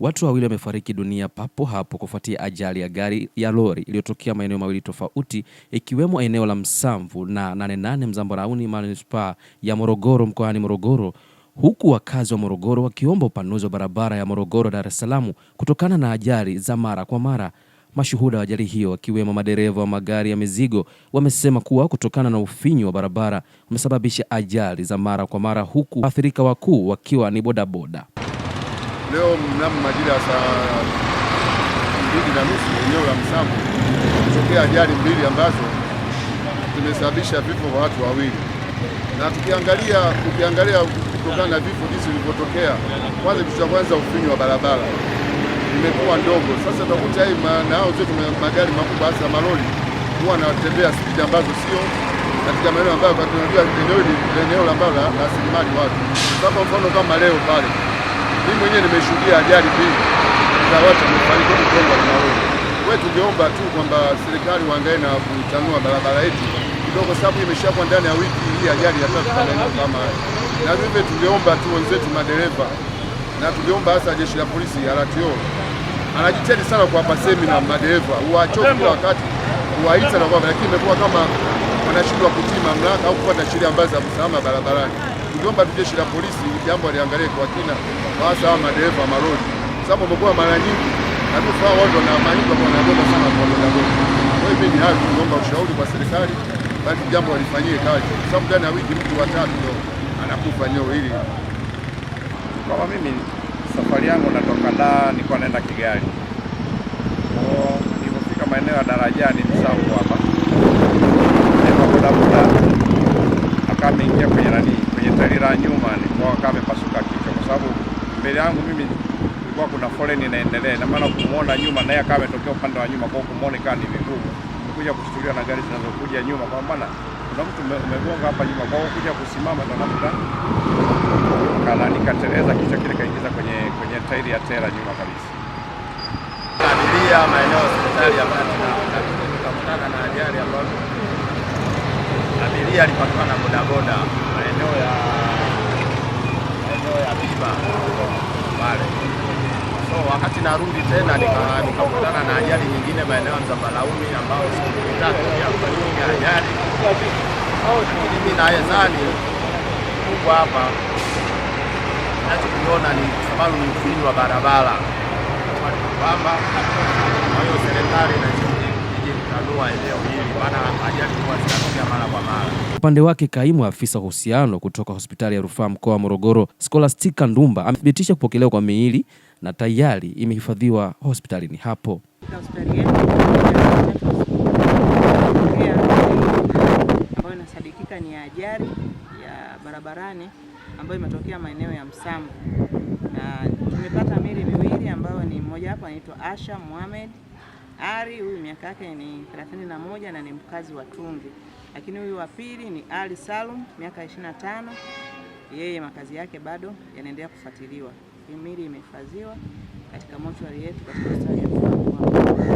Watu wawili wamefariki dunia papo hapo kufuatia ajali ya gari ya lori iliyotokea maeneo mawili tofauti ikiwemo eneo la Msamvu na nane nane Mzambarauni manispaa ya Morogoro mkoani Morogoro huku wakazi wa Morogoro wakiomba upanuzi wa barabara ya Morogoro Dar es Salaam kutokana na ajali za mara kwa mara. Mashuhuda wa ajali hiyo wakiwemo madereva wa magari ya mizigo wamesema kuwa kutokana na ufinyu wa barabara umesababisha ajali za mara kwa mara, huku waathirika wakuu wakiwa ni bodaboda leo mnamo majira ya saa mbili na nusu eneo la msamu kutokea ajali mbili ambazo zimesababisha vifo vya watu wawili, na tukiangalia tukiangalia kutokana na vifo jinsi vilivyotokea, kwanza kitu cha kwanza ufinyu wa barabara imekuwa ndogo. Sasa utakuta hii nao zetu magari makubwa hasa malori huwa anatembea spidi ambazo sio katika maeneo ambayo tunajua eneo hili eneo ambalo mbao la rasilimali watu. Kwa mfano kama leo pale mimi mwenyewe nimeshuhudia ajali mbili za watu wamefariki Mtongwa na Maoni. Wewe tungeomba tu kwamba serikali waangalie na kutanua barabara yetu kidogo, sababu imeshakuwa ndani ya wiki hii ajali ya tatu kama na vivyo tungeomba tu wenzetu madereva na tungeomba hasa jeshi la polisi RTO anajitahidi sana kuwapa semina madereva, uwachoke kila wakati kuwaita na kwa, lakini imekuwa kama wanashindwa kutii mamlaka au kufuata sheria ambazo za usalama barabarani. Tuliomba tu jeshi la polisi jambo aliangalie kwa kina, hasa hawa madereva maroli, sababu amekuwa mara nyingi natufaha watu wanaamanyika wanagoma sana kwa bodaboda. Kwa hiyo ni hapo tuliomba ushauri kwa serikali basi jambo walifanyie kazi, sababu ndani ya wiki mtu watatu ndio anakufa eneo hili. Kama mimi safari yangu natoka Dar, nilikuwa naenda Kigali nilipofika maeneo ya darajani Msamvu hapa bodaboda ameingia kwenye nani, kwenye tairi la nyuma, nilikuwa kama amepasuka kichwa, kwa sababu mbele yangu mimi kulikuwa kuna foleni inaendelea, na maana kumuona nyuma naye akawa ametokea upande wa nyuma, kwa kumuona ikawa ni vigumu. Nikuja kushtuliwa na gari zinazokuja nyuma, kwa maana kuna mtu umegonga hapa nyuma, kwa kuja kusimama ndo nakuta kana nikateleza kichwa kile kaingiza kwenye kwenye tairi ya tera nyuma kabisa. Abiria maeneo ya hospitali ya Bahati na kukutana na ajali ambayo abiria alipatwa na bodaboda maeneo ya maeneo ya Biba pale. So wakati narudi tena nikakutana na ajali nyingine maeneo ya Mzambalauni, ambao siku tatu ya ajali mimi na yezani kubwa hapa nachokiona ni sababu ni ufinyu wa barabara kwamba, kwa hiyo serikali eneo hili, maana ajali huwa zinatokea mara kwa mara. Upande wake kaimu afisa uhusiano kutoka hospitali ya rufaa mkoa wa Morogoro Scholastica Ndumba amethibitisha kupokelewa kwa miili na tayari imehifadhiwa hospitalini hapo. ambayo inasadikika ni ajali ya barabarani ambayo imetokea maeneo ya Msamvu, na tumepata miili miwili ambayo ni mmoja wapo anaitwa Asha Mohamed Ari huyu miaka yake ni 31 na ni mkazi wa Tungi, lakini huyu wa pili ni Ali Salum miaka 25, yeye makazi yake bado yanaendelea kufuatiliwa. mili imehifadhiwa katika mochwari yetu katika hospitali ya